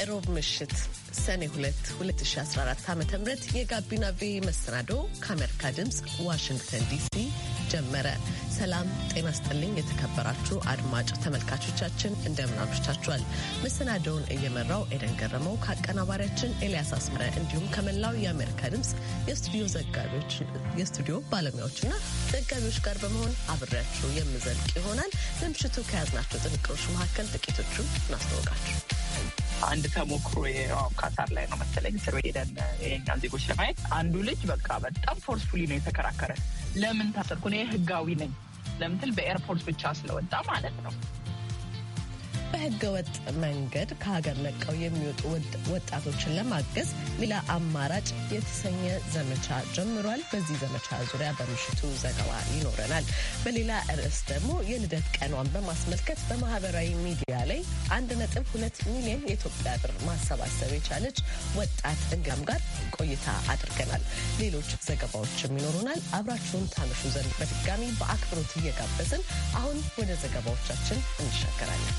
የእሮብ ምሽት ሰኔ 2 2014 ዓ ም የጋቢና ቪ መሰናዶ ከአሜሪካ ድምፅ ዋሽንግተን ዲሲ ጀመረ። ሰላም ጤና ስጥልኝ። የተከበራችሁ አድማጭ ተመልካቾቻችን እንደምን አምሽታችኋል? መሰናደውን እየመራው ኤደን ገረመው ከአቀናባሪያችን ኤልያስ አስመረ እንዲሁም ከመላው የአሜሪካ ድምፅ የስቱዲዮ ዘጋቢዎች የስቱዲዮ ባለሙያዎችና ዘጋቢዎች ጋር በመሆን አብሬያችሁ የምዘልቅ ይሆናል። ለምሽቱ ከያዝናቸው ጥንቅሮች መካከል ጥቂቶቹን እናስተዋወቃችሁ። አንድ ተሞክሮ ካታር ላይ ነው መሰለኝ ስር ሄደን የኛን ዜጎች ለማየት አንዱ ልጅ በቃ በጣም ፎርስፉሊ ነው የተከራከረ። ለምን ታሰርኩ? ህጋዊ ነኝ ለምትል በኤርፖርት ብቻ ስለወጣ ማለት ነው በህገወጥ መንገድ ከሀገር ለቀው የሚወጡ ወጣቶችን ለማገዝ ሌላ አማራጭ የተሰኘ ዘመቻ ጀምሯል። በዚህ ዘመቻ ዙሪያ በምሽቱ ዘገባ ይኖረናል። በሌላ ርዕስ ደግሞ የልደት ቀኗን በማስመልከት በማህበራዊ ሚዲያ ላይ አንድ ነጥብ ሁለት ሚሊዮን የኢትዮጵያ ብር ማሰባሰብ የቻለች ወጣት እንግዳም ጋር ቆይታ አድርገናል። ሌሎች ዘገባዎችም ይኖሩናል። አብራችሁን ታመሹ ዘንድ በድጋሚ በአክብሮት እየጋበዝን አሁን ወደ ዘገባዎቻችን እንሻገራለን።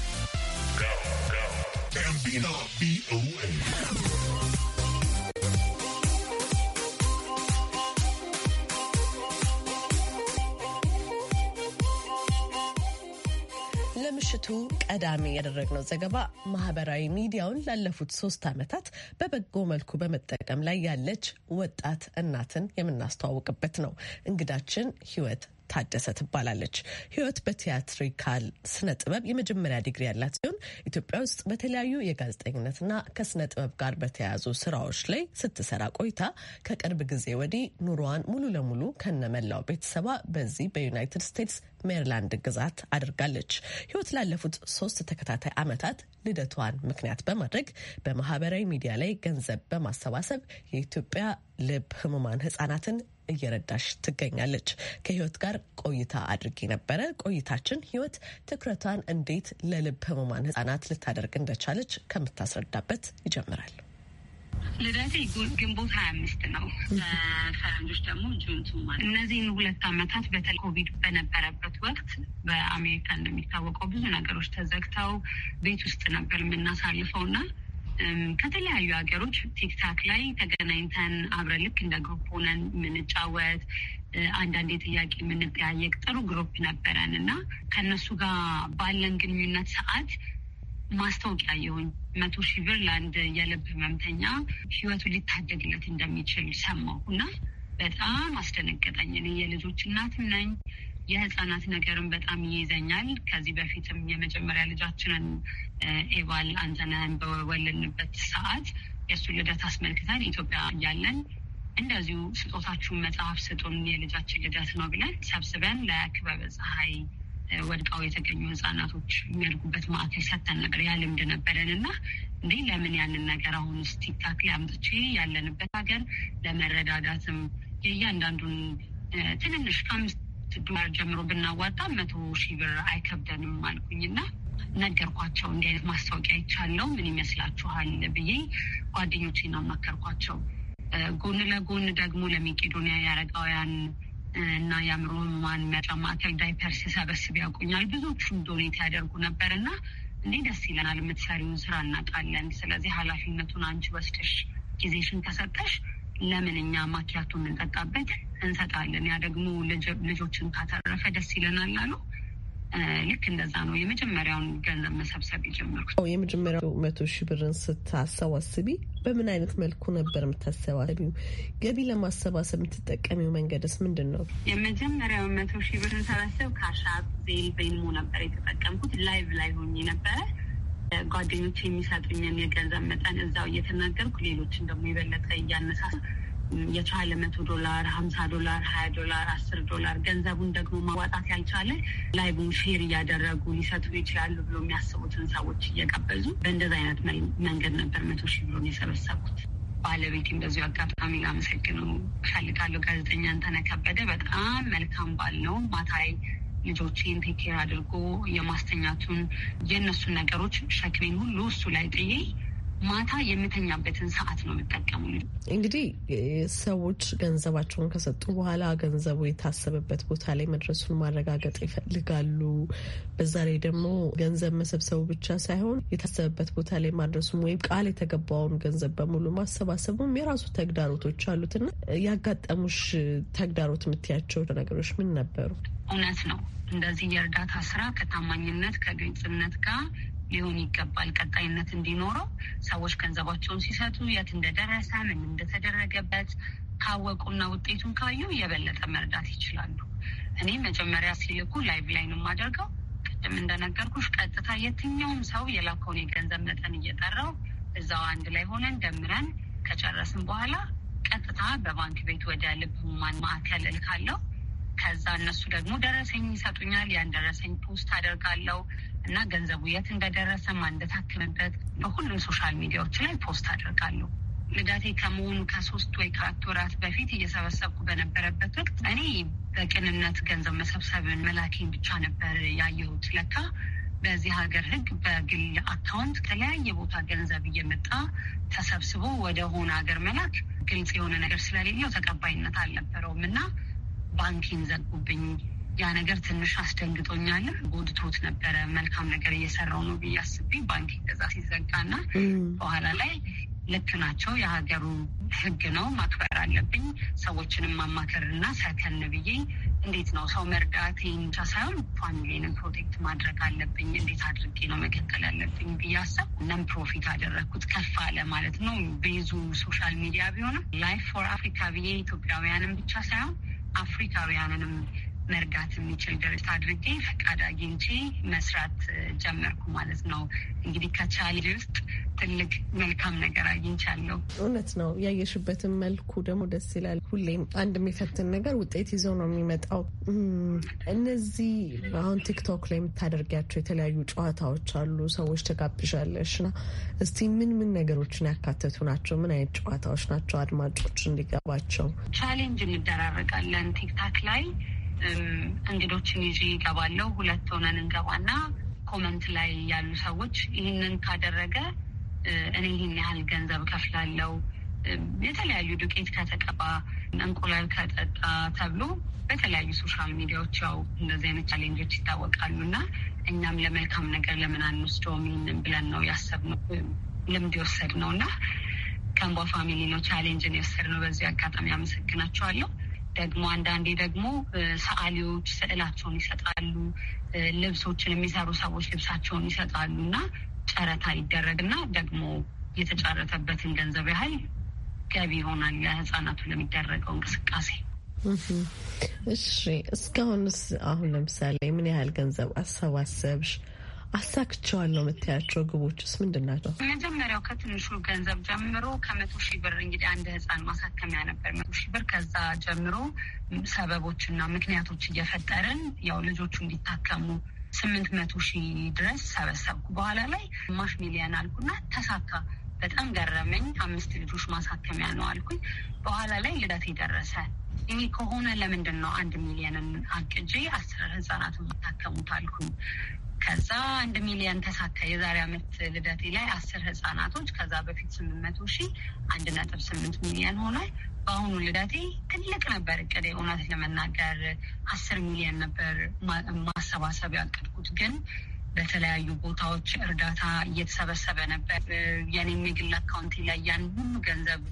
ለምሽቱ ቀዳሚ ያደረግነው ዘገባ ማህበራዊ ሚዲያውን ላለፉት ሶስት ዓመታት በበጎ መልኩ በመጠቀም ላይ ያለች ወጣት እናትን የምናስተዋውቅበት ነው። እንግዳችን ህይወት ታደሰ ትባላለች። ህይወት በቲያትሪካል ስነ ጥበብ የመጀመሪያ ዲግሪ ያላት ሲሆን ኢትዮጵያ ውስጥ በተለያዩ የጋዜጠኝነትና ከስነ ጥበብ ጋር በተያያዙ ስራዎች ላይ ስትሰራ ቆይታ ከቅርብ ጊዜ ወዲህ ኑሯዋን ሙሉ ለሙሉ ከነመላው ቤተሰባ በዚህ በዩናይትድ ስቴትስ ሜሪላንድ ግዛት አድርጋለች። ህይወት ላለፉት ሶስት ተከታታይ ዓመታት ልደቷን ምክንያት በማድረግ በማህበራዊ ሚዲያ ላይ ገንዘብ በማሰባሰብ የኢትዮጵያ ልብ ህሙማን ህጻናትን እየረዳሽ ትገኛለች። ከህይወት ጋር ቆይታ አድርጌ ነበረ። ቆይታችን ህይወት ትኩረቷን እንዴት ለልብ ህሙማን ህጻናት ልታደርግ እንደቻለች ከምታስረዳበት ይጀምራል። ልደቴ ግንቦት ሀያ አምስት ነው። ፈረንጆች ደግሞ ጁንቱ ማለት እነዚህን ሁለት ዓመታት በተለይ ኮቪድ በነበረበት ወቅት በአሜሪካ እንደሚታወቀው ብዙ ነገሮች ተዘግተው ቤት ውስጥ ነበር የምናሳልፈው እና ከተለያዩ ሀገሮች ቲክታክ ላይ ተገናኝተን አብረን ልክ እንደ ግሩፕ ሆነን የምንጫወት አንዳንዴ ጥያቄ የምንጠያየቅ ጥሩ ግሩፕ ነበረን እና ከእነሱ ጋር ባለን ግንኙነት ሰዓት ማስታወቂያ የሆኝ መቶ ሺህ ብር ለአንድ የልብ ህመምተኛ ህይወቱ ሊታደግለት እንደሚችል ሰማሁ እና በጣም አስደነገጠኝ። እኔ የልጆች እናትም ነኝ። የህፃናት ነገርን በጣም ይይዘኛል። ከዚህ በፊትም የመጀመሪያ ልጃችንን ኤቫል አንተነህን በወለድንበት ሰዓት የእሱን ልደት አስመልክተን ኢትዮጵያ እያለን እንደዚሁ ስጦታችሁን መጽሐፍ ስጡን የልጃችን ልደት ነው ብለን ሰብስበን ለክበበ ፀሐይ ወድቀው የተገኙ ህጻናቶች የሚያድጉበት ማዕከል ሰጥተን ነበር። ያ ልምድ ነበረን እና እንዲህ ለምን ያንን ነገር አሁን ስቲታክ አምጥቼ ያለንበት ሀገር ለመረዳዳትም የእያንዳንዱን ትንንሽ ከአምስት ዶላር ጀምሮ ብናዋጣ መቶ ሺህ ብር አይከብደንም አልኩኝና ነገርኳቸው። እንዲህ አይነት ማስታወቂያ ይቻለው ምን ይመስላችኋል ብዬ ጓደኞቼን አማከርኳቸው። ጎን ለጎን ደግሞ ለመቄዶንያ የአረጋውያን እና የአእምሮ ህሙማን መርጃ ማዕከል ዳይፐርስ ሰበስብ ያውቁኛል። ብዙዎቹም ዶኔት ያደርጉ ነበር እና እንዴ ደስ ይለናል፣ የምትሰሪውን ስራ እናውቃለን። ስለዚህ ኃላፊነቱን አንቺ ወስደሽ ጊዜሽን ከሰጠሽ ለምን እኛ ማኪያቱ የምንጠጣበት እንሰጣለን። ያ ደግሞ ልጆችን ካተረፈ ደስ ይለናል አሉ። ልክ እንደዛ ነው የመጀመሪያውን ገንዘብ መሰብሰብ የጀመርኩት። የመጀመሪያው መቶ ሺህ ብርን ስታሰባስቢ በምን አይነት መልኩ ነበር የምታሰባሰቢው? ገቢ ለማሰባሰብ የምትጠቀሚው መንገድስ ምንድን ነው? የመጀመሪያው መቶ ሺህ ብርን ሰበሰብ ካሻ ቬል ቬንሞ ነበር የተጠቀምኩት። ላይቭ ላይ ሆኜ ነበረ ጓደኞች የሚሰጡኝን የገንዘብ መጠን እዛው እየተናገርኩ ሌሎችን ደግሞ የበለጠ እያነሳሳ የቻለ መቶ ዶላር፣ ሀምሳ ዶላር፣ ሀያ ዶላር፣ አስር ዶላር ገንዘቡን ደግሞ ማዋጣት ያልቻለ ላይቡን ሼር እያደረጉ ሊሰጡ ይችላሉ ብሎ የሚያስቡትን ሰዎች እየቀበዙ በእንደዚ አይነት መንገድ ነበር መቶ ሺህ ብሎን የሰበሰብኩት። ባለቤቴም እንደዚሁ አጋጣሚ ላመሰግነው እፈልጋለሁ። ጋዜጠኛ እንተነ በጣም መልካም ባል ነው። ማታ ላይ ልጆቼን ቴኬር አድርጎ የማስተኛቱን የእነሱን ነገሮች ሸክሜን ሁሉ እሱ ላይ ጥዬ ማታ የምተኛበትን ሰዓት ነው የምጠቀሙ። እንግዲህ ሰዎች ገንዘባቸውን ከሰጡ በኋላ ገንዘቡ የታሰበበት ቦታ ላይ መድረሱን ማረጋገጥ ይፈልጋሉ። በዛ ላይ ደግሞ ገንዘብ መሰብሰቡ ብቻ ሳይሆን የታሰበበት ቦታ ላይ ማድረሱም ወይም ቃል የተገባውን ገንዘብ በሙሉ ማሰባሰቡም የራሱ ተግዳሮቶች አሉትና ያጋጠሙሽ ተግዳሮት የምትያቸው ነገሮች ምን ነበሩ? እውነት ነው። እንደዚህ የእርዳታ ስራ ከታማኝነት ከግልጽነት ጋር ሊሆን ይገባል። ቀጣይነት እንዲኖረው ሰዎች ገንዘባቸውን ሲሰጡ የት እንደደረሰ ምን እንደተደረገበት ካወቁና ውጤቱን ካዩ የበለጠ መርዳት ይችላሉ። እኔ መጀመሪያ ሲልኩ ላይቭ ላይ ነው የማደርገው። ቅድም እንደነገርኩሽ ቀጥታ የትኛውም ሰው የላከውን የገንዘብ መጠን እየጠራው እዛው አንድ ላይ ሆነን ደምረን ከጨረስን በኋላ ቀጥታ በባንክ ቤት ወደ ልብ ማዕከል እልካለሁ። ከዛ እነሱ ደግሞ ደረሰኝ ይሰጡኛል። ያን ደረሰኝ ፖስት አደርጋለሁ እና ገንዘቡ የት እንደደረሰ ማን እንደታክምበት በሁሉም ሶሻል ሚዲያዎች ላይ ፖስት አደርጋለሁ። ልዳቴ ከመሆኑ ከሶስት ወይ ከአራት ወራት በፊት እየሰበሰብኩ በነበረበት ወቅት እኔ በቅንነት ገንዘብ መሰብሰብን መላኬን ብቻ ነበር ያየሁት። ለካ በዚህ ሀገር ሕግ በግል አካውንት ከለያየ ቦታ ገንዘብ እየመጣ ተሰብስቦ ወደ ሆነ ሀገር መላክ ግልጽ የሆነ ነገር ስለሌለው ተቀባይነት አልነበረውም እና ባንኪን ዘጉብኝ። ያ ነገር ትንሽ አስደንግጦኛልም ጎድቶት ነበረ። መልካም ነገር እየሰራው ነው ብዬ አስቤ ባንክ ገዛ ሲዘጋና በኋላ ላይ ልክ ናቸው፣ የሀገሩ ሕግ ነው ማክበር አለብኝ። ሰዎችንም ማማከርና ሰከን ብዬ እንዴት ነው ሰው መርዳት ብቻ ሳይሆን ፋሚሊንም ፕሮቴክት ማድረግ አለብኝ፣ እንዴት አድርጌ ነው መቀጠል ያለብኝ ብዬ አሰብ። ነን ፕሮፊት አደረግኩት ከፍ አለ ማለት ነው። ቤዙ ሶሻል ሚዲያ ቢሆንም ላይፍ ፎር አፍሪካ ብዬ ኢትዮጵያውያንም ብቻ ሳይሆን አፍሪካውያንንም መርዳት የሚችል ደረጃ አድርጌ ፈቃድ አግኝቼ መስራት ጀመርኩ ማለት ነው። እንግዲህ ከቻሌንጅ ውስጥ ትልቅ መልካም ነገር አግኝቻለሁ። እውነት ነው። ያየሽበትን መልኩ ደግሞ ደስ ይላል። ሁሌም አንድ የሚፈትን ነገር ውጤት ይዘው ነው የሚመጣው። እነዚህ አሁን ቲክቶክ ላይ የምታደርጊያቸው የተለያዩ ጨዋታዎች አሉ። ሰዎች ተጋብዣለሽ ና እስቲ ምን ምን ነገሮችን ያካተቱ ናቸው? ምን አይነት ጨዋታዎች ናቸው? አድማጮች እንዲገባቸው ቻሌንጅ እንደራረጋለን ቲክታክ ላይ እንግዶችን ይዤ ይገባለሁ። ሁለት ሆነን እንገባና ኮመንት ላይ ያሉ ሰዎች ይህንን ካደረገ እኔ ይህን ያህል ገንዘብ ከፍላለው፣ የተለያዩ ዱቄት ከተቀባ፣ እንቁላል ከጠጣ ተብሎ በተለያዩ ሶሻል ሚዲያዎች ያው እንደዚህ አይነት ቻሌንጆች ይታወቃሉ እና እኛም ለመልካም ነገር ለምን አንወስደውም ይህንን ብለን ነው ያሰብነው ልምድ የወሰድነው እና ከንቧ ፋሚሊ ነው ቻሌንጅን የወሰድነው። በዚህ አጋጣሚ አመሰግናቸዋለሁ። ደግሞ አንዳንዴ ደግሞ ሰዓሊዎች ስዕላቸውን ይሰጣሉ። ልብሶችን የሚሰሩ ሰዎች ልብሳቸውን ይሰጣሉ እና ጨረታ ይደረግና ደግሞ የተጫረተበትን ገንዘብ ያህል ገቢ ይሆናል ለህፃናቱ ለሚደረገው እንቅስቃሴ። እሺ፣ እስካሁንስ አሁን ለምሳሌ ምን ያህል ገንዘብ አሰባሰብሽ? አሳክቸዋለሁ የምታያቸው ውስጥ ምንድን ናቸው? መጀመሪያው ከትንሹ ገንዘብ ጀምሮ ከመቶ ሺህ ብር እንግዲህ አንድ ህፃን ማሳከሚያ ነበር መቶ ሺህ ብር። ከዛ ጀምሮ ሰበቦችና ምክንያቶች እየፈጠርን ያው ልጆቹ እንዲታከሙ ስምንት መቶ ሺህ ድረስ ሰበሰብኩ። በኋላ ላይ ማሽ ሚሊየን አልኩና ተሳካ። በጣም ገረመኝ። አምስት ልጆች ማሳከሚያ ነው አልኩኝ። በኋላ ላይ ልደቴ ደረሰ። ይሄ ከሆነ ለምንድን ነው አንድ ሚሊየንን አቅጄ አስር ህጻናት የምታከሙት አልኩ። ከዛ አንድ ሚሊየን ተሳካ። የዛሬ አመት ልደቴ ላይ አስር ህጻናቶች ከዛ በፊት ስምንት መቶ ሺህ አንድ ነጥብ ስምንት ሚሊየን ሆኗል። በአሁኑ ልደቴ ትልቅ ነበር እቅዴ። እውነት ለመናገር አስር ሚሊየን ነበር ማሰባሰብ ያቀድኩት ግን በተለያዩ ቦታዎች እርዳታ እየተሰበሰበ ነበር። የኔም የግል አካውንቲ ላይ ያን ሁሉ ገንዘብ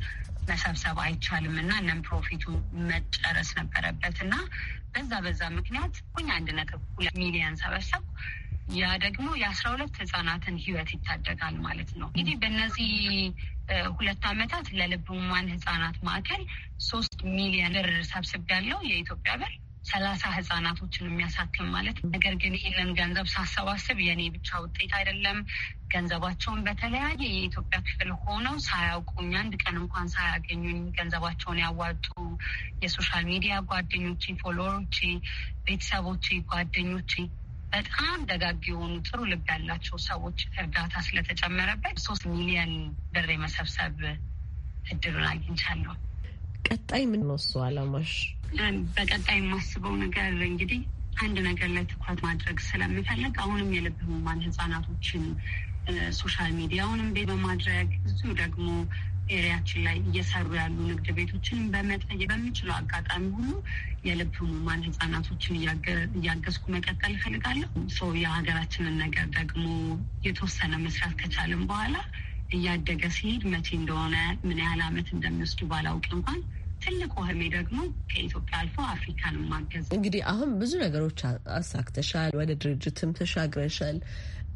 መሰብሰብ አይቻልም እና እነም ፕሮፊቱ መጨረስ ነበረበት እና በዛ በዛ ምክንያት ኩኝ አንድ ነጥብ ሁለት ሚሊዮን ሰበሰብ ያ ደግሞ የአስራ ሁለት ህጻናትን ህይወት ይታደጋል ማለት ነው። እንግዲህ በእነዚህ ሁለት አመታት ለልብ ህሙማን ህጻናት ማዕከል ሶስት ሚሊዮን ብር ሰብስብ ያለው የኢትዮጵያ ብር ሰላሳ ህጻናቶችን የሚያሳክም ማለት ነገር ግን ይህንን ገንዘብ ሳሰባስብ የኔ ብቻ ውጤት አይደለም። ገንዘባቸውን በተለያየ የኢትዮጵያ ክፍል ሆነው ሳያውቁኝ አንድ ቀን እንኳን ሳያገኙኝ ገንዘባቸውን ያዋጡ የሶሻል ሚዲያ ጓደኞቼ፣ ፎሎወሮቼ፣ ቤተሰቦቼ፣ ጓደኞቼ በጣም ደጋግ የሆኑ ጥሩ ልብ ያላቸው ሰዎች እርዳታ ስለተጨመረበት ሶስት ሚሊዮን ብር የመሰብሰብ እድሉን አግኝቻለሁ። ቀጣይ ምን ነሱ አላማሽ? በቀጣይ የማስበው ነገር እንግዲህ አንድ ነገር ላይ ትኩረት ማድረግ ስለምፈልግ አሁንም የልብ ህሙማን ህጻናቶችን ሶሻል ሚዲያውንም ቤት በማድረግ እዚሁ ደግሞ ኤሪያችን ላይ እየሰሩ ያሉ ንግድ ቤቶችን በመጠየ በሚችለው አጋጣሚ ሁሉ የልብ ህሙማን ህጻናቶችን እያገዝኩ መቀጠል እፈልጋለሁ። ሰው የሀገራችንን ነገር ደግሞ የተወሰነ መስራት ከቻልን በኋላ እያደገ ሲሄድ መቼ እንደሆነ ምን ያህል አመት እንደሚወስዱ ባላውቅ እንኳን ትልቁ ህልሜ ደግሞ ከኢትዮጵያ አልፎ አፍሪካን ማገዝ። እንግዲህ አሁን ብዙ ነገሮች አሳክተሻል፣ ወደ ድርጅትም ተሻግረሻል።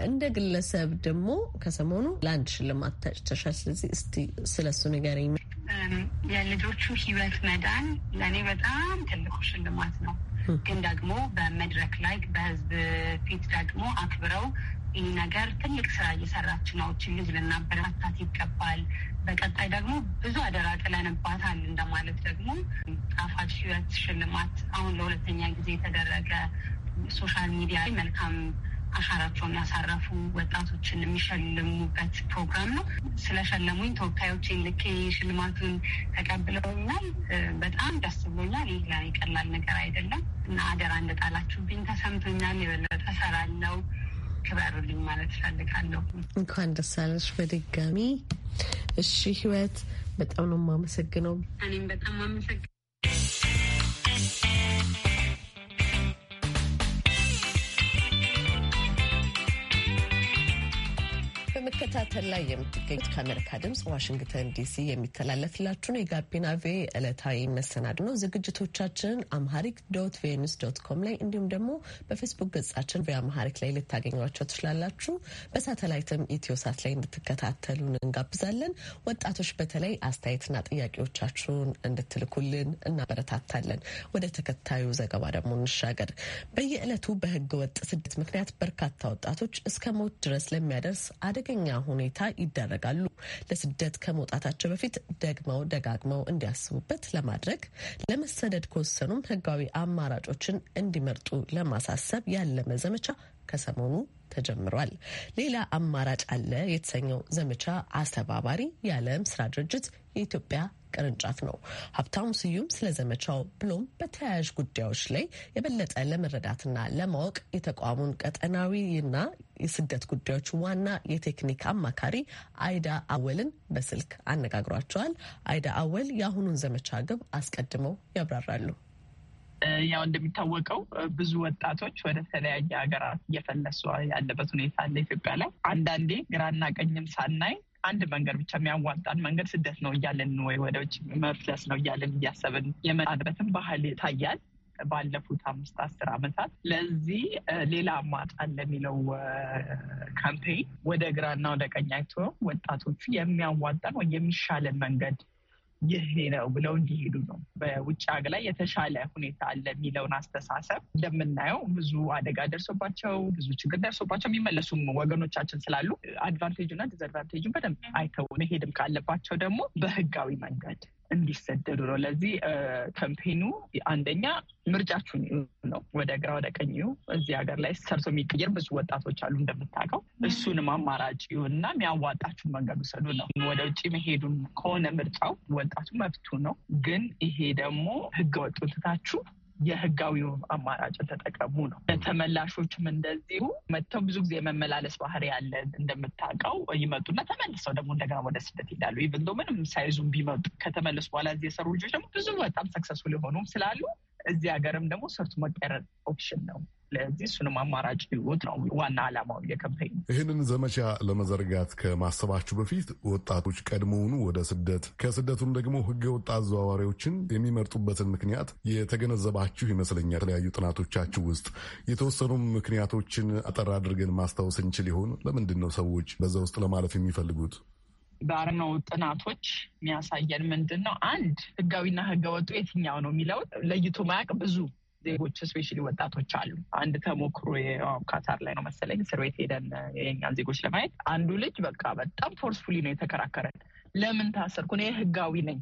እንደ ግለሰብ ደግሞ ከሰሞኑ ለአንድ ሽልማት ታጭተሻል። ስለዚህ እስቲ ስለ ስለሱ ንገረኝ። የልጆቹ ህይወት መዳን ለእኔ በጣም ትልቁ ሽልማት ነው። ግን ደግሞ በመድረክ ላይ በህዝብ ፊት ደግሞ አክብረው ይህ ነገር ትልቅ ስራ እየሰራች ነው። ችን ልጅ ልናበረታታት ይገባል። በቀጣይ ደግሞ ብዙ አደራ ጥለንባታል እንደማለት ደግሞ ጣፋጭ ሽረት ሽልማት አሁን ለሁለተኛ ጊዜ የተደረገ ሶሻል ሚዲያ ላይ መልካም አሻራቸውን ያሳረፉ ወጣቶችን የሚሸልሙበት ፕሮግራም ነው። ስለሸለሙኝ ተወካዮችን ልኬ ሽልማቱን ተቀብለውኛል። በጣም ደስ ብሎኛል። ይህ ለኔ ቀላል ነገር አይደለም እና አደራ እንደጣላችሁብኝ ተሰምቶኛል። የበለጠ ሰራለው ክበሩልኝ ማለት እፈልጋለሁ። እንኳን ደስ አለሽ በድጋሚ። እሺ ህይወት፣ በጣም ነው የማመሰግነው። እኔም በጣም አመሰግናለሁ። በመከታተል ላይ የምትገኙት ከአሜሪካ ድምጽ ዋሽንግተን ዲሲ የሚተላለፍላችሁን የጋቢና ቪ ዕለታዊ መሰናድ ነው። ዝግጅቶቻችንን አምሃሪክ ዶት ቪኒስ ዶት ኮም ላይ እንዲሁም ደግሞ በፌስቡክ ገጻችን ቪ አምሃሪክ ላይ ልታገኟቸው ትችላላችሁ። በሳተላይትም ኢትዮሳት ላይ እንድትከታተሉን እንጋብዛለን። ወጣቶች በተለይ አስተያየትና ጥያቄዎቻችሁን እንድትልኩልን እናበረታታለን። ወደ ተከታዩ ዘገባ ደግሞ እንሻገር። በየዕለቱ በህገ ወጥ ስደት ምክንያት በርካታ ወጣቶች እስከ ሞት ድረስ ለሚያደርስ አደገኛ ሁኔታ ይዳረጋሉ። ለስደት ከመውጣታቸው በፊት ደግመው ደጋግመው እንዲያስቡበት ለማድረግ ለመሰደድ ከወሰኑም ህጋዊ አማራጮችን እንዲመርጡ ለማሳሰብ ያለመ ዘመቻ ከሰሞኑ ተጀምሯል። ሌላ አማራጭ አለ የተሰኘው ዘመቻ አስተባባሪ የዓለም ስራ ድርጅት የኢትዮጵያ ቅርንጫፍ ነው። ሀብታሙ ስዩም ስለ ዘመቻው ብሎም በተያያዥ ጉዳዮች ላይ የበለጠ ለመረዳትና ለማወቅ የተቋሙን ቀጠናዊና የስደት ጉዳዮች ዋና የቴክኒክ አማካሪ አይዳ አወልን በስልክ አነጋግሯቸዋል። አይዳ አወል የአሁኑን ዘመቻ ግብ አስቀድመው ያብራራሉ። ያው እንደሚታወቀው ብዙ ወጣቶች ወደ ተለያየ ሀገራት እየፈለሱ ያለበት ሁኔታ አለ ኢትዮጵያ ላይ። አንዳንዴ ግራና ቀኝም ሳናይ አንድ መንገድ ብቻ የሚያዋጣን መንገድ ስደት ነው እያለን ወይ ወደ ውጭ መፍለስ ነው እያለን እያሰብን የመጣንበትን ባህል ይታያል። ባለፉት አምስት አስር ዓመታት ለዚህ ሌላ አማራጭ ለሚለው ካምፔይን ወደ ግራና ወደ ቀኝ አይቶ ወጣቶቹ የሚያዋጣን ወይ የሚሻለን መንገድ ይሄ ነው ብለው እንዲሄዱ ነው። በውጭ ሀገር ላይ የተሻለ ሁኔታ አለ የሚለውን አስተሳሰብ እንደምናየው ብዙ አደጋ ደርሶባቸው ብዙ ችግር ደርሶባቸው የሚመለሱም ወገኖቻችን ስላሉ አድቫንቴጁ እና ዲስአድቫንቴጁ በደንብ አይተው መሄድም ካለባቸው ደግሞ በህጋዊ መንገድ እንዲሰደዱ ነው። ለዚህ ከምፔኑ አንደኛ ምርጫችሁን ነው፣ ወደ ግራ ወደ ቀኙ። እዚህ ሀገር ላይ ሰርቶ የሚቀየር ብዙ ወጣቶች አሉ እንደምታውቀው። እሱንም አማራጭ ይሁንና የሚያዋጣችሁ መንገድ ውሰዱ ነው። ወደ ውጭ መሄዱን ከሆነ ምርጫው ወጣቱ መብቱ ነው። ግን ይሄ ደግሞ ህገ ወጥ ትታችሁ የህጋዊውን አማራጭ ተጠቀሙ ነው። ተመላሾችም እንደዚሁ መጥተው ብዙ ጊዜ የመመላለስ ባህሪ ያለ እንደምታውቀው ይመጡና ተመልሰው ደግሞ እንደገና ወደ ስደት ይሄዳሉ። ኢቨን ምንም ሳይዙም ቢመጡ ከተመለሱ በኋላ እዚህ የሰሩ ልጆች ደግሞ ብዙ በጣም ሰክሰስፉል የሆኑም ስላሉ እዚህ ሀገርም ደግሞ ሰርቱ መቀረጥ ኦፕሽን ነው። ለዚህ እሱንም አማራጭ ህይወት ነው ዋና ዓላማው የከምፔኝ። ይህንን ዘመቻ ለመዘርጋት ከማሰባችሁ በፊት ወጣቶች ቀድሞውኑ ወደ ስደት ከስደቱም ደግሞ ህገ ወጥ አዘዋዋሪዎችን የሚመርጡበትን ምክንያት የተገነዘባችሁ ይመስለኛል። የተለያዩ ጥናቶቻችሁ ውስጥ የተወሰኑ ምክንያቶችን አጠር አድርገን ማስታወስ እንችል ይሆን? ለምንድን ነው ሰዎች በዛ ውስጥ ለማለፍ የሚፈልጉት? ባረነው ጥናቶች የሚያሳየን ምንድን ነው አንድ ህጋዊና ህገወጡ የትኛው ነው የሚለው ለይቶ ማያውቅ ብዙ ዜጎች ስፔሻሊ ወጣቶች አሉ። አንድ ተሞክሮ ካታር ላይ ነው መሰለኝ እስር ቤት ሄደን የኛን ዜጎች ለማየት አንዱ ልጅ በቃ በጣም ፎርስፉሊ ነው የተከራከረን። ለምን ታሰርኩ? እኔ ህጋዊ ነኝ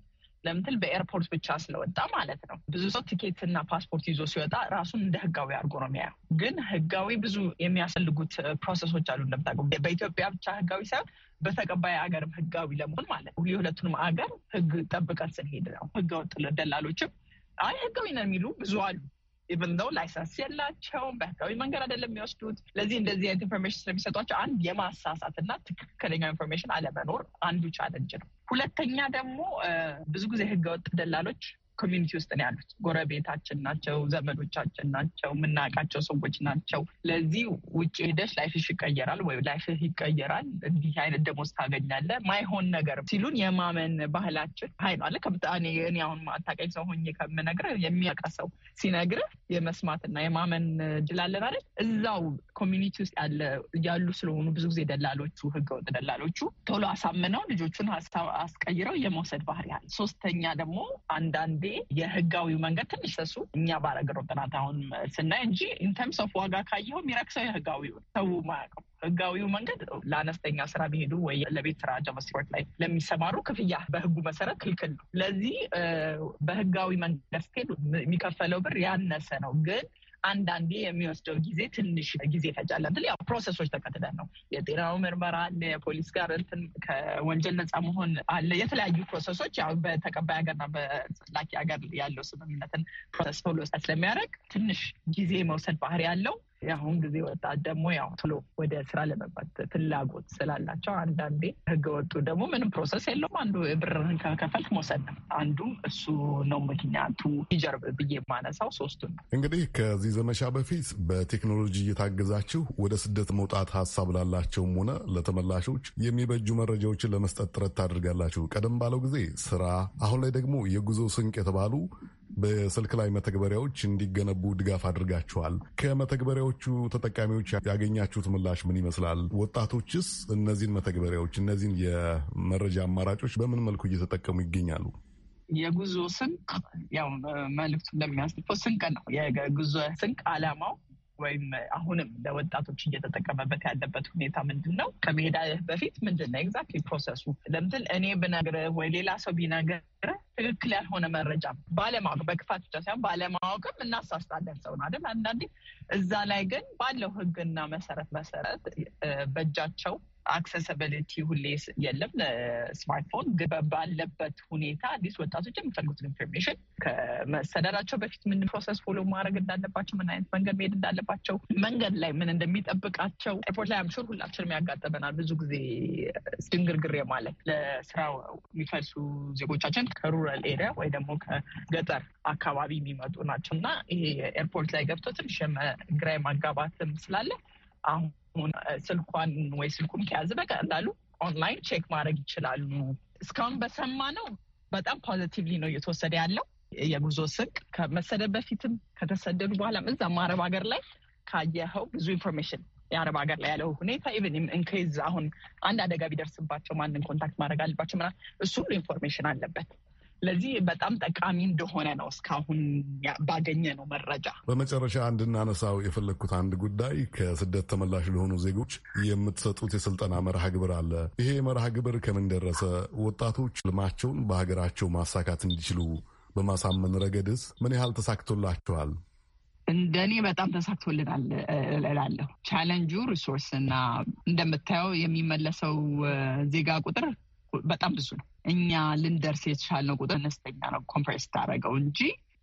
ለምትል በኤርፖርት ብቻ ስለወጣ ማለት ነው። ብዙ ሰው ቲኬት እና ፓስፖርት ይዞ ሲወጣ ራሱን እንደ ህጋዊ አድርጎ ነው የሚያየው። ግን ህጋዊ ብዙ የሚያስፈልጉት ፕሮሰሶች አሉ እንደምታውቀው በኢትዮጵያ ብቻ ህጋዊ ሳይሆን በተቀባይ አገርም ህጋዊ ለመሆን ማለት ነው። የሁለቱንም አገር ህግ ጠብቀን ስንሄድ ነው። ህገወጥ ደላሎችም አይ ህጋዊ ነን የሚሉ ብዙ አሉ። ኢቨን ነው ላይሰንስ የላቸውም፣ በህጋዊ መንገድ አይደለም የሚወስዱት። ለዚህ እንደዚህ አይነት ኢንፎርሜሽን ስለሚሰጧቸው አንድ የማሳሳት እና ትክክለኛው ኢንፎርሜሽን አለመኖር አንዱ ቻለንጅ ነው። ሁለተኛ ደግሞ ብዙ ጊዜ ህገወጥ ደላሎች ኮሚኒቲ ውስጥ ነው ያሉት። ጎረቤታችን ናቸው፣ ዘመዶቻችን ናቸው፣ የምናውቃቸው ሰዎች ናቸው። ለዚህ ውጭ ሄደሽ ላይፍሽ ይቀየራል ወይ ላይፍህ ይቀየራል፣ እንዲህ አይነት ደሞዝ ታገኛለህ፣ ማይሆን ነገር ሲሉን የማመን ባህላችን ሀይል አለ። እኔ አሁን አታውቂኝ ሰው ሆኜ ከምነግርህ የሚያውቅ ሰው ሲነግርህ የመስማትና የማመን ድላለን አይደል? እዛው ኮሚኒቲ ውስጥ ያለ ያሉ ስለሆኑ ብዙ ጊዜ ደላሎቹ፣ ህገወጥ ደላሎቹ ቶሎ አሳምነው ልጆቹን አስቀይረው የመውሰድ ባህሪ ያለ ሶስተኛ ደግሞ አንዳንዴ የህጋዊው መንገድ ትንሽ ሰሱ እኛ ባረግረው ጥናት አሁን ስናይ እንጂ ኢንተርምስ ኦፍ ዋጋ ካየው የሚረክሰው የህጋዊው ሰው ማያውቀው ህጋዊው መንገድ ለአነስተኛ ስራ ቢሄዱ ወይ ለቤት ስራ ጀመስፖርት ላይ ለሚሰማሩ ክፍያ በህጉ መሰረት ክልክል ነው። ለዚህ በህጋዊ መንገድ ስትሄድ የሚከፈለው ብር ያነሰ ነው ግን አንዳንዴ የሚወስደው ጊዜ ትንሽ ጊዜ ይፈጃል። ያው ፕሮሰሶች ተከትለን ነው። የጤናው ምርመራ አለ፣ የፖሊስ ጋር እንትን ከወንጀል ነፃ መሆን አለ። የተለያዩ ፕሮሰሶች ያው በተቀባይ ሀገርና በላኪ ሀገር ያለው ስምምነትን ፕሮሰስ ቶሎ ስለሚያደርግ ትንሽ ጊዜ መውሰድ ባህሪ ያለው የአሁን ጊዜ ወጣት ደግሞ ያው ቶሎ ወደ ስራ ለመግባት ፍላጎት ስላላቸው አንዳንዴ ህገ ወጡ ደግሞ ምንም ፕሮሰስ የለውም። አንዱ ብርህን ከከፈልክ መውሰድ ነው። አንዱም እሱ ነው ምክንያቱ ይጀርብ ብዬ የማነሳው ሶስቱ ነው። እንግዲህ ከዚህ ዘመቻ በፊት በቴክኖሎጂ እየታገዛችሁ ወደ ስደት መውጣት ሀሳብ ላላቸውም ሆነ ለተመላሾች የሚበጁ መረጃዎችን ለመስጠት ጥረት ታደርጋላችሁ። ቀደም ባለው ጊዜ ስራ፣ አሁን ላይ ደግሞ የጉዞ ስንቅ የተባሉ በስልክ ላይ መተግበሪያዎች እንዲገነቡ ድጋፍ አድርጋችኋል። ከመተግበሪያዎቹ ተጠቃሚዎች ያገኛችሁት ምላሽ ምን ይመስላል? ወጣቶችስ እነዚህን መተግበሪያዎች፣ እነዚህን የመረጃ አማራጮች በምን መልኩ እየተጠቀሙ ይገኛሉ? የጉዞ ስንቅ ያው መልዕክቱ እንደሚያስልፈው ስንቅ ነው። የጉዞ ስንቅ አላማው? ወይም አሁንም ለወጣቶች እየተጠቀመበት ያለበት ሁኔታ ምንድን ነው? ከመሄዳ በፊት ምንድን ነው ኤግዛክትሊ ፕሮሰሱ? ለምትል እኔ ብነግርህ ወይ ሌላ ሰው ቢነግርህ ትክክል ያልሆነ መረጃ ባለማወቅ በክፋት ብቻ ሳይሆን ባለማወቅም እናሳስታለን ሰውን አይደል? አንዳንዴ እዛ ላይ ግን ባለው ህግና መሰረት መሰረት በእጃቸው አክሰሰብሊቲ ሁሌ የለም ስማርትፎን ባለበት ሁኔታ አዲስ ወጣቶች የሚፈልጉትን ኢንፎርሜሽን ከመሰደራቸው በፊት ምን ፕሮሰስ ፎሎ ማድረግ እንዳለባቸው፣ ምን አይነት መንገድ መሄድ እንዳለባቸው፣ መንገድ ላይ ምን እንደሚጠብቃቸው ኤርፖርት ላይ አምሹር ሁላችንም ያጋጠመናል። ብዙ ጊዜ ድንግርግር ማለት ለስራ የሚፈልሱ ዜጎቻችን ከሩራል ኤሪያ ወይ ደግሞ ከገጠር አካባቢ የሚመጡ ናቸው እና ይሄ ኤርፖርት ላይ ገብቶ ትንሽ ግራ ማጋባትም ስላለ አሁን ስልኳን ወይ ስልኩን ከያዘ በቀላሉ ኦንላይን ቼክ ማድረግ ይችላሉ። እስካሁን በሰማ ነው በጣም ፖዘቲቭሊ ነው እየተወሰደ ያለው የጉዞ ስንቅ ከመሰደድ በፊትም ከተሰደዱ በኋላም እዛም አረብ ሀገር ላይ ካየኸው ብዙ ኢንፎርሜሽን የአረብ ሀገር ላይ ያለው ሁኔታ ኢቨን ኢንኬዝ አሁን አንድ አደጋ ቢደርስባቸው ማንን ኮንታክት ማድረግ አለባቸው ምናምን እሱ ሁሉ ኢንፎርሜሽን አለበት። ለዚህ በጣም ጠቃሚ እንደሆነ ነው እስካሁን ባገኘ ነው መረጃ። በመጨረሻ እንድናነሳው የፈለግኩት አንድ ጉዳይ ከስደት ተመላሽ ለሆኑ ዜጎች የምትሰጡት የስልጠና መርሃ ግብር አለ። ይሄ መርሃ ግብር ከምን ደረሰ? ወጣቶች ልማቸውን በሀገራቸው ማሳካት እንዲችሉ በማሳመን ረገድስ ምን ያህል ተሳክቶላቸዋል? እንደ እኔ በጣም ተሳክቶልናል እላለሁ። ቻለንጁ ሪሶርስ እና እንደምታየው የሚመለሰው ዜጋ ቁጥር በጣም ብዙ ነው። እኛ ልንደርስ የተቻልነው ቁጥር አነስተኛ ነው ኮምፕሬስ ታደረገው እንጂ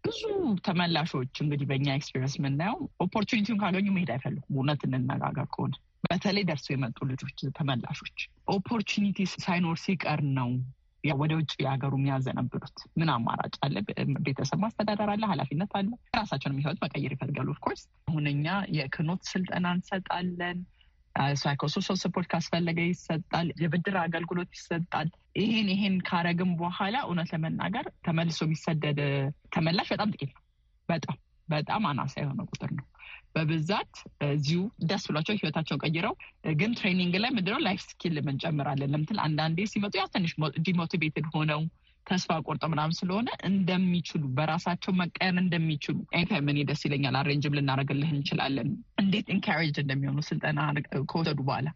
ብዙ ተመላሾች እንግዲህ በእኛ ኤክስፒሪንስ የምናየው ኦፖርቹኒቲውን ካገኙ መሄድ አይፈልጉም። እውነት እንነጋገር ከሆነ በተለይ ደርሰው የመጡ ልጆች ተመላሾች ኦፖርቹኒቲ ሳይኖር ሲቀር ነው ወደ ውጭ የሀገሩ የሚያዘነብሉት። ምን አማራጭ አለ? ቤተሰብ ማስተዳደር አለ፣ ኃላፊነት አለ። ራሳቸውን ህይወት መቀየር ይፈልጋሉ። ኦፍኮርስ አሁን እኛ የክኖት ስልጠና እንሰጣለን። ሳይኮሶሻል ሰፖርት ካስፈለገ ይሰጣል። የብድር አገልግሎት ይሰጣል። ይሄን ይሄን ካረግም በኋላ እውነት ለመናገር ተመልሶ የሚሰደድ ተመላሽ በጣም ጥቂት ነው። በጣም በጣም አናሳ የሆነ ቁጥር ነው። በብዛት እዚሁ ደስ ብሏቸው ህይወታቸውን ቀይረው ግን ትሬኒንግ ላይ ምንድነው ላይፍ ስኪል ምንጨምራለን ለምትል አንዳንዴ ሲመጡ ያ ትንሽ ዲሞቲቬትድ ሆነው ተስፋ ቆርጦ ምናምን ስለሆነ እንደሚችሉ በራሳቸው መቀየር እንደሚችሉ ከምን ደስ ይለኛል አሬንጅም ልናደርግልህ እንችላለን። እንዴት ኢንካሬጅ እንደሚሆኑ ስልጠና ከወሰዱ በኋላ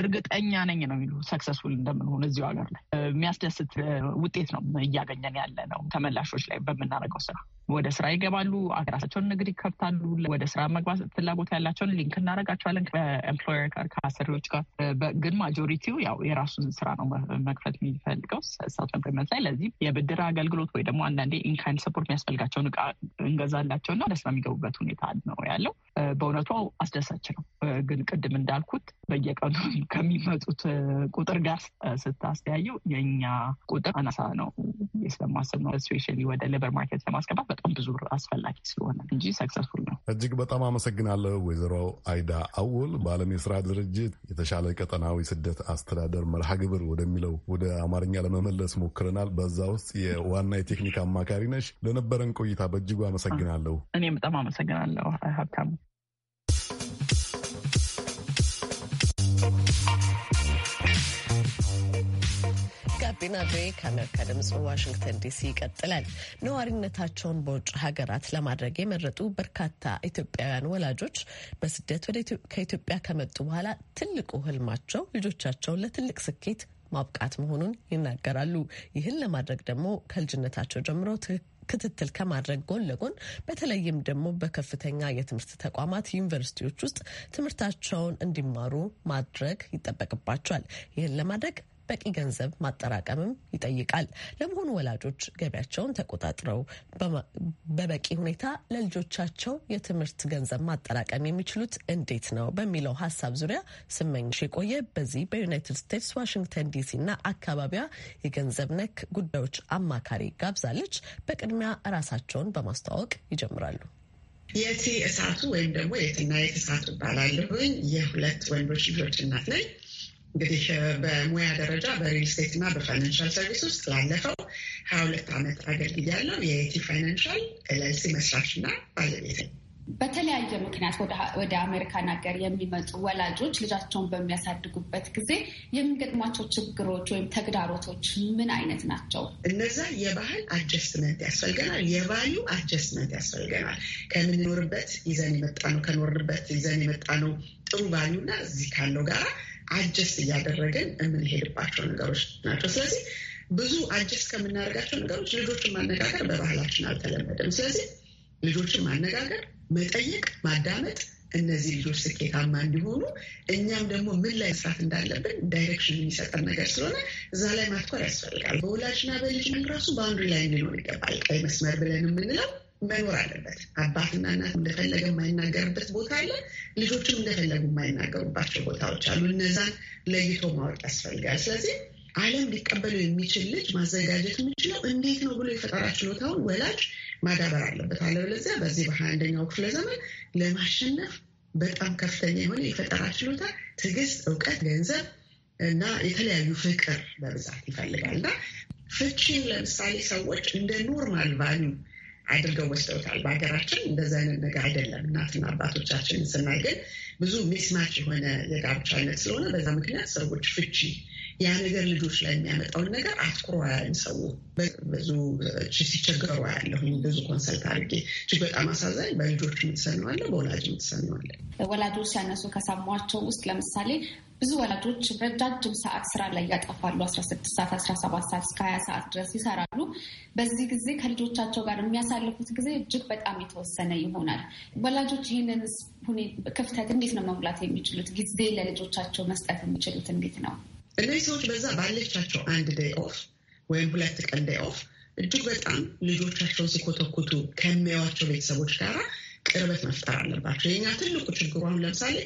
እርግጠኛ ነኝ ነው የሚሉ ሰክሰስፉል እንደምንሆን እዚሁ ሀገር ላይ የሚያስደስት ውጤት ነው እያገኘን ያለ ነው ተመላሾች ላይ በምናደርገው ስራ ወደ ስራ ይገባሉ፣ ራሳቸውን ንግድ ይከፍታሉ። ወደ ስራ መግባት ፍላጎት ያላቸውን ሊንክ እናደርጋቸዋለን ከኤምፕሎየር ጋር ከአሰሪዎች ጋር። ግን ማጆሪቲው ያው የራሱን ስራ ነው መክፈት የሚፈልገው ሰልፍ ኤምፕሎይመንት ላይ። ለዚህ የብድር አገልግሎት ወይ ደግሞ አንዳንዴ ኢንካይንድ ሰፖርት የሚያስፈልጋቸውን እቃ እንገዛላቸው ወደ ደስ የሚገቡበት ሁኔታ ነው ያለው። በእውነቱ አስደሳች ነው። ግን ቅድም እንዳልኩት በየቀኑ ከሚመጡት ቁጥር ጋር ስታስተያየው የእኛ ቁጥር አናሳ ነው ስለማስብ ነው ስፔሻሊ ወደ ሌበር ማርኬት ለማስገባት በጣም ብዙ አስፈላጊ ስለሆነ እንጂ ሰክሰስፉል ነው። እጅግ በጣም አመሰግናለሁ ወይዘሮ አይዳ አውል በዓለም የስራ ድርጅት የተሻለ ቀጠናዊ ስደት አስተዳደር መርሃ ግብር ወደሚለው ወደ አማርኛ ለመመለስ ሞክረናል። በዛ ውስጥ የዋና የቴክኒክ አማካሪ ነሽ። ለነበረን ቆይታ በእጅጉ አመሰግናለሁ። እኔም በጣም አመሰግናለሁ ሀብታሙ። ጋቢና ቪኦኤ ከአሜሪካ ድምፅ ዋሽንግተን ዲሲ ይቀጥላል። ነዋሪነታቸውን በውጭ ሀገራት ለማድረግ የመረጡ በርካታ ኢትዮጵያውያን ወላጆች በስደት ከኢትዮጵያ ከመጡ በኋላ ትልቁ ህልማቸው ልጆቻቸውን ለትልቅ ስኬት ማብቃት መሆኑን ይናገራሉ። ይህን ለማድረግ ደግሞ ከልጅነታቸው ጀምሮ ክትትል ከማድረግ ጎን ለጎን በተለይም ደግሞ በከፍተኛ የትምህርት ተቋማት ዩኒቨርሲቲዎች ውስጥ ትምህርታቸውን እንዲማሩ ማድረግ ይጠበቅባቸዋል። ይህን ለማድረግ በቂ ገንዘብ ማጠራቀምም ይጠይቃል። ለመሆኑ ወላጆች ገቢያቸውን ተቆጣጥረው በበቂ ሁኔታ ለልጆቻቸው የትምህርት ገንዘብ ማጠራቀም የሚችሉት እንዴት ነው በሚለው ሀሳብ ዙሪያ ስመኝሽ የቆየ በዚህ በዩናይትድ ስቴትስ ዋሽንግተን እና አካባቢዋ የገንዘብ ነክ ጉዳዮች አማካሪ ጋብዛለች። በቅድሚያ ራሳቸውን በማስተዋወቅ ይጀምራሉ። የቲ እሳቱ ወይም ደግሞ የት እሳቱ እባላለሁኝ። የሁለት ወንዶች ልጆች እናት ነኝ። እንግዲህ በሙያ ደረጃ በሪል ስቴት እና በፋይናንሻል ሰርቪስ ውስጥ ላለፈው ሀያ ሁለት ዓመት አገልግያለሁ። የኢቲ ፋይናንሻል ኤልኤልሲ መስራች እና ባለቤት ነው። በተለያየ ምክንያት ወደ አሜሪካን ሀገር የሚመጡ ወላጆች ልጃቸውን በሚያሳድጉበት ጊዜ የሚገጥሟቸው ችግሮች ወይም ተግዳሮቶች ምን አይነት ናቸው? እነዛ የባህል አጀስትመንት ያስፈልገናል፣ የቫሉ አጀስትመንት ያስፈልገናል። ከምንኖርበት ይዘን የመጣ ነው ከኖርበት ይዘን የመጣ ነው ጥሩ ቫሉ እና እዚህ ካለው ጋራ አጀስት እያደረገን የምንሄድባቸው ነገሮች ናቸው። ስለዚህ ብዙ አጀስት ከምናደርጋቸው ነገሮች ልጆችን ማነጋገር በባህላችን አልተለመደም። ስለዚህ ልጆችን ማነጋገር፣ መጠየቅ፣ ማዳመጥ እነዚህ ልጆች ስኬታማ እንዲሆኑ እኛም ደግሞ ምን ላይ መስራት እንዳለብን ዳይሬክሽን የሚሰጠን ነገር ስለሆነ እዛ ላይ ማትኮር ያስፈልጋል። በወላጅና በልጅ ራሱ በአንዱ ላይ ሊኖር ይገባል። ቀይ መስመር ብለን የምንለው መኖር አለበት። አባትና እናት እንደፈለገ የማይናገርበት ቦታ አለ። ልጆችም እንደፈለጉ የማይናገሩባቸው ቦታዎች አሉ። እነዛን ለይቶ ማወቅ ያስፈልጋል። ስለዚህ ዓለም ሊቀበሉ የሚችል ልጅ ማዘጋጀት የሚችለው እንዴት ነው ብሎ የፈጠራ ችሎታውን ወላጅ ማዳበር አለበት። አለበለዚያ በዚህ በሀያ አንደኛው ክፍለ ዘመን ለማሸነፍ በጣም ከፍተኛ የሆነ የፈጠራ ችሎታ፣ ትዕግስት፣ እውቀት፣ ገንዘብ እና የተለያዩ ፍቅር በብዛት ይፈልጋል እና ፍቺን ለምሳሌ ሰዎች እንደ ኖርማል ቫሉ አድርገው ወስደውታል። በሀገራችን እንደዚ አይነት ነገር አይደለም። እናትና አባቶቻችን ስናይ ግን ብዙ ሚስማች የሆነ የጋብቻ አይነት ስለሆነ በዛ ምክንያት ሰዎች ፍቺ ያ ነገር ልጆች ላይ የሚያመጣውን ነገር አትኩሮ አያይም ሰው ብዙ ሲቸገሩ ያለሁኝ ብዙ ኮንሰልት አድርጌ እጅግ በጣም አሳዛኝ በልጆች የምትሰነዋለ በወላጅ የምትሰነዋለ ወላጆች ሲያነሱ ከሰሟቸው ውስጥ ለምሳሌ ብዙ ወላጆች ረጃጅም ሰዓት ስራ ላይ ያጠፋሉ። 16 ሰዓት፣ 17 ሰዓት እስከ 20 ሰዓት ድረስ ይሰራሉ። በዚህ ጊዜ ከልጆቻቸው ጋር የሚያሳልፉት ጊዜ እጅግ በጣም የተወሰነ ይሆናል። ወላጆች ይህንን ክፍተት እንዴት ነው መሙላት የሚችሉት? ጊዜ ለልጆቻቸው መስጠት የሚችሉት እንዴት ነው? እነዚህ ሰዎች በዛ ባለቻቸው አንድ ደይ ኦፍ ወይም ሁለት ቀን ደይ ኦፍ እጅግ በጣም ልጆቻቸውን ሲኮተኩቱ ከሚያዋቸው ቤተሰቦች ጋር ቅርበት መፍጠር አለባቸው። የኛ ትልቁ ችግሩ አሁን ለምሳሌ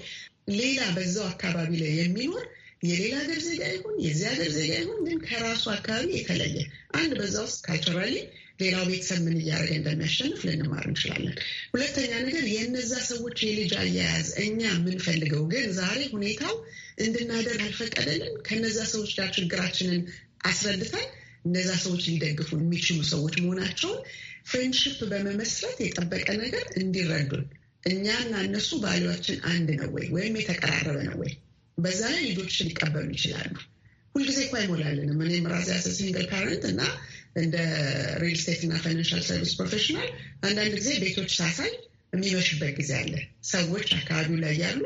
ሌላ በዛው አካባቢ ላይ የሚኖር የሌላ ሀገር ዜጋ ይሁን የዚህ ሀገር ዜጋ ይሁን ግን ከራሱ አካባቢ የተለየ አንድ በዛ ውስጥ ካልቸራሊ ሌላው ቤተሰብ ምን እያደረገ እንደሚያሸንፍ ልንማር እንችላለን። ሁለተኛ ነገር የነዛ ሰዎች የልጅ አያያዝ እኛ የምንፈልገው ግን ዛሬ ሁኔታው እንድናደርግ አልፈቀደልን። ከነዛ ሰዎች ጋር ችግራችንን አስረድተን እነዛ ሰዎች ሊደግፉ የሚችሉ ሰዎች መሆናቸውን ፍሬንድሽፕ በመመስረት የጠበቀ ነገር እንዲረዱን እኛና እነሱ ባህሪያችን አንድ ነው ወይ ወይም የተቀራረበ ነው ወይ፣ በዛ ላይ ልጆች ሊቀበሉ ይችላሉ። ሁልጊዜ እኮ አይሞላልንም። እኔም ራሴ ያሰ ሲንግል ፓረንት እና እንደ ሪል ስቴት እና ፋይናንሻል ሰርቪስ ፕሮፌሽናል አንዳንድ ጊዜ ቤቶች ሳሳይ የሚመሽበት ጊዜ አለ። ሰዎች አካባቢው ላይ ያሉ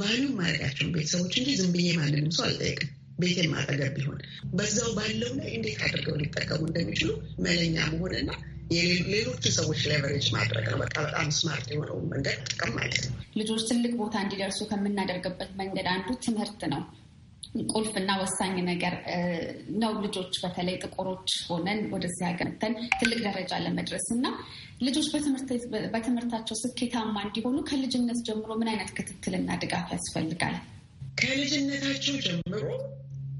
ባሉ ማድረጋቸውን ቤተሰቦች እንጂ ዝም ብዬ ማንንም ሰው አልጠየቅም። ቤቴም አጠገብ ቢሆን በዛው ባለው ላይ እንዴት አድርገው ሊጠቀሙ እንደሚችሉ መለኛ መሆንና ሌሎቹ ሰዎች ሌቨሬጅ ማድረግ ነው። በቃ በጣም ስማርት የሆነው መንገድ ጥቅም ማለት ነው። ልጆች ትልቅ ቦታ እንዲደርሱ ከምናደርግበት መንገድ አንዱ ትምህርት ነው። ቁልፍ እና ወሳኝ ነገር ነው። ልጆች በተለይ ጥቁሮች ሆነን ወደዚህ ሀገር ትልቅ ደረጃ ለመድረስ እና ልጆች በትምህርታቸው ስኬታማ እንዲሆኑ ከልጅነት ጀምሮ ምን አይነት ክትትልና ድጋፍ ያስፈልጋል? ከልጅነታቸው ጀምሮ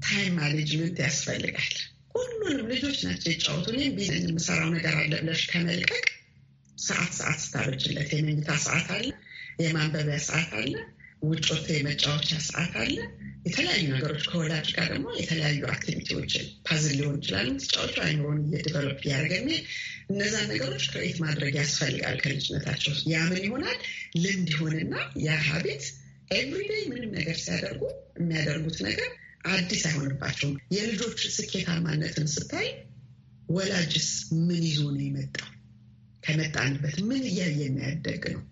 ታይም ማኔጅመንት ያስፈልጋል። ሁሉንም ልጆች ናቸው የጫወቱ ቢዝን የምሰራው ነገር አለ ብለሽ ከመልቀቅ ሰዓት ሰዓት ስታበጅለት የመኝታ ሰዓት አለ፣ የማንበቢያ ሰዓት አለ ውጭ የመጫወቻ ሰዓት አለ። የተለያዩ ነገሮች ከወላጅ ጋር ደግሞ የተለያዩ አክቲቪቲዎችን ፓዝል ሊሆን ይችላል ተጫዋቹ አይምሮን እየደቨሎፕ ያደርገኝ እነዛን ነገሮች ክሬት ማድረግ ያስፈልጋል ከልጅነታቸው። ያ ምን ይሆናል ልምድ ይሆንና ያ ሀቤት ኤቭሪዴይ ምንም ነገር ሲያደርጉ የሚያደርጉት ነገር አዲስ አይሆንባቸውም። የልጆች ስኬታማነትን ስታይ ወላጅስ ምን ይዞ ነው የመጣው? ከመጣንበት ምን እያየ የሚያደግ ነው?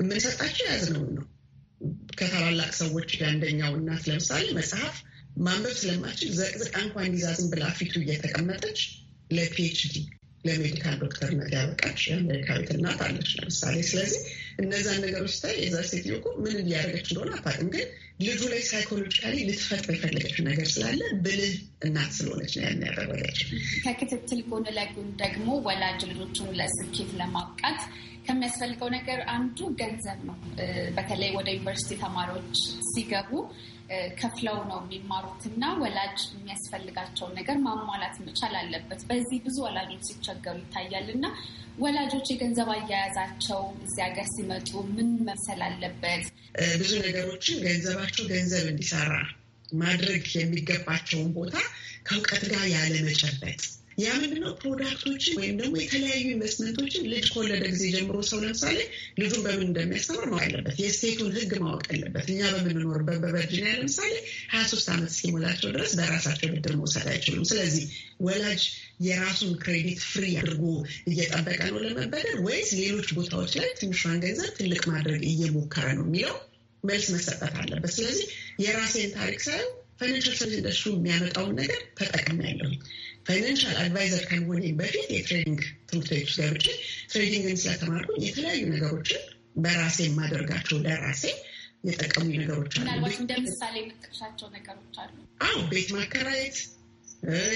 የምንሰጣቸው ያዝነውን ነው ከታላላቅ ሰዎች የአንደኛው እናት ለምሳሌ መጽሐፍ ማንበብ ስለማችል ዘቅዝቃ እንኳ ይዛዝን ብላ ፊቱ እየተቀመጠች ለፒኤችዲ ለሜዲካል ዶክተርነት ያበቃች የአሜሪካዊት እናት አለች ለምሳሌ። ስለዚህ እነዛን ነገሮች ስታይ የዛ ሴትዮ እኮ ምን እያደረገች እንደሆነ አታውቅም፣ ግን ልጁ ላይ ሳይኮሎጂካሊ ልትፈጥር የፈለገች ነገር ስላለ ብልህ እናት ስለሆነች ነው ያን ያደረገችው። ከክትትል ጎን ለጎን ደግሞ ወላጅ ልጆቹን ለስኬት ለማብቃት ከሚያስፈልገው ነገር አንዱ ገንዘብ ነው። በተለይ ወደ ዩኒቨርሲቲ ተማሪዎች ሲገቡ ከፍለው ነው የሚማሩት እና ወላጅ የሚያስፈልጋቸውን ነገር ማሟላት መቻል አለበት። በዚህ ብዙ ወላጆች ሲቸገሩ ይታያል እና ወላጆች የገንዘብ አያያዛቸው እዚህ ሀገር ሲመጡ ምን መምሰል አለበት? ብዙ ነገሮችን ገንዘባቸው ገንዘብ እንዲሰራ ማድረግ የሚገባቸውን ቦታ ከእውቀት ጋር ያለመጨበጥ ያ ምንድነው ፕሮዳክቶችን ወይም ደግሞ የተለያዩ ኢንቨስትመንቶችን ልጅ ከወለደ ጊዜ ጀምሮ ሰው ለምሳሌ ልጁን በምን እንደሚያስተምር ማወቅ አለበት። የስቴቱን ህግ ማወቅ አለበት። እኛ በምንኖርበት በቨርጂኒያ ለምሳሌ ሀያ ሶስት ዓመት እስኪሞላቸው ድረስ በራሳቸው ብድር መውሰድ አይችሉም። ስለዚህ ወላጅ የራሱን ክሬዲት ፍሪ አድርጎ እየጠበቀ ነው ለመበደር ወይስ ሌሎች ቦታዎች ላይ ትንሿን ገንዘብ ትልቅ ማድረግ እየሞከረ ነው የሚለው መልስ መሰጠት አለበት። ስለዚህ የራሴን ታሪክ ሳይሆን ፋይናንሻል ለሱ የሚያመጣውን ነገር ተጠቅም ያለው ፋይናንሻል አድቫይዘር ከመሆኔ በፊት የትሬዲንግ ትምህርት ቤት ውስጥ ገብቼ ትሬዲንግን ስለተማርኩ የተለያዩ ነገሮችን በራሴ የማደርጋቸው ለራሴ የጠቀሙ ነገሮች አሉ። ምናልባት እንደ ምሳሌ ነገሮች አሉ? አዎ፣ ቤት ማከራየት፣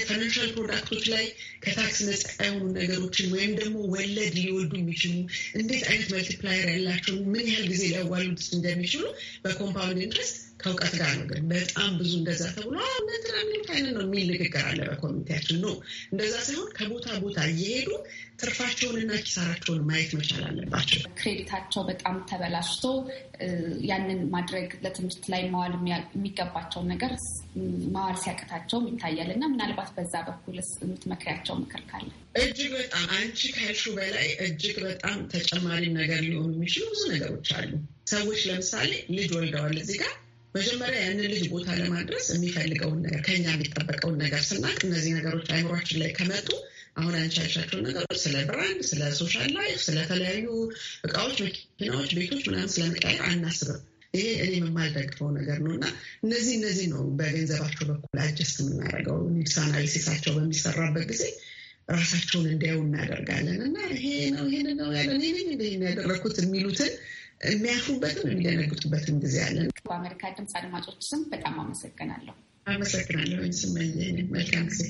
ፋይናንሻል ፕሮዳክቶች ላይ ከታክስ ነጻ የሆኑ ነገሮችን ወይም ደግሞ ወለድ ሊወዱ የሚችሉ እንዴት አይነት መልቲፕላየር ያላቸው ምን ያህል ጊዜ ሊያዋሉት እንደሚችሉ በኮምፓውንድ ኢንትረስት ከእውቀት ጋር ነው። ግን በጣም ብዙ እንደዛ ተብሎ ትናንት አይነት ነው የሚል ንግግር አለ በኮሚኒቲያችን ነው። እንደዛ ሳይሆን ከቦታ ቦታ እየሄዱ ትርፋቸውንና ኪሳራቸውን ማየት መቻል አለባቸው። ክሬዲታቸው በጣም ተበላሽቶ ያንን ማድረግ ለትምህርት ላይ መዋል የሚገባቸውን ነገር መዋል ሲያቅታቸውም ይታያል። እና ምናልባት በዛ በኩል የምትመክሪያቸው ምክር ካለ እጅግ በጣም አንቺ ካልሽው በላይ እጅግ በጣም ተጨማሪ ነገር ሊሆኑ የሚችሉ ብዙ ነገሮች አሉ። ሰዎች ለምሳሌ ልጅ ወልደዋል እዚህ ጋር መጀመሪያ ያንን ልጅ ቦታ ለማድረስ የሚፈልገውን ነገር ከኛ የሚጠበቀውን ነገር ስናቅ እነዚህ ነገሮች አይምሯችን ላይ ከመጡ አሁን ያንቻቻቸው ነገሮች ስለ ብራንድ፣ ስለ ሶሻል ላይፍ፣ ስለተለያዩ እቃዎች፣ መኪናዎች፣ ቤቶች ምናምን ስለመቀየር አናስብም። ይሄ እኔ የማልደግፈው ነገር ነው እና እነዚህ እነዚህ ነው በገንዘባቸው በኩል አጀስት የምናደርገው። ኒድስ አናሊሲሳቸው በሚሰራበት ጊዜ ራሳቸውን እንዲያዩ እናደርጋለን እና ይሄ ነው ይሄን ነው ያለን ይሄን ያደረግኩት የሚሉትን የሚያርፉበትም የሚደነግጡበትም ጊዜ አለን። በአሜሪካ ድምፅ አድማጮች ስም በጣም አመሰግናለሁ። አመሰግናለሁ። መልካም ጊዜ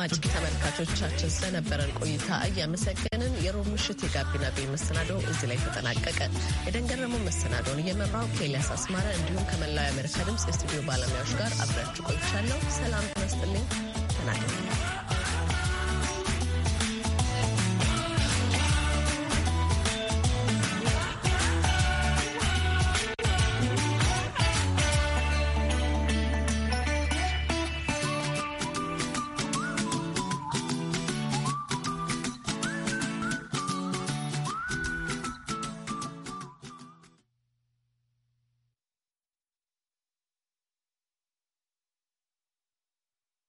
አድማጭ ተመልካቾቻችን ስለነበረን ቆይታ እያመሰገንን የሮብ ምሽት የጋቢና ቤ መሰናዶ እዚህ ላይ ተጠናቀቀ። የደንገረሙ መሰናዶን እየመራው ከኤልያስ አስማረ እንዲሁም ከመላው የአሜሪካ ድምፅ የስቱዲዮ ባለሙያዎች ጋር አብሬያችሁ ቆይቻለሁ። ሰላም ተነስጥልኝ ተናገ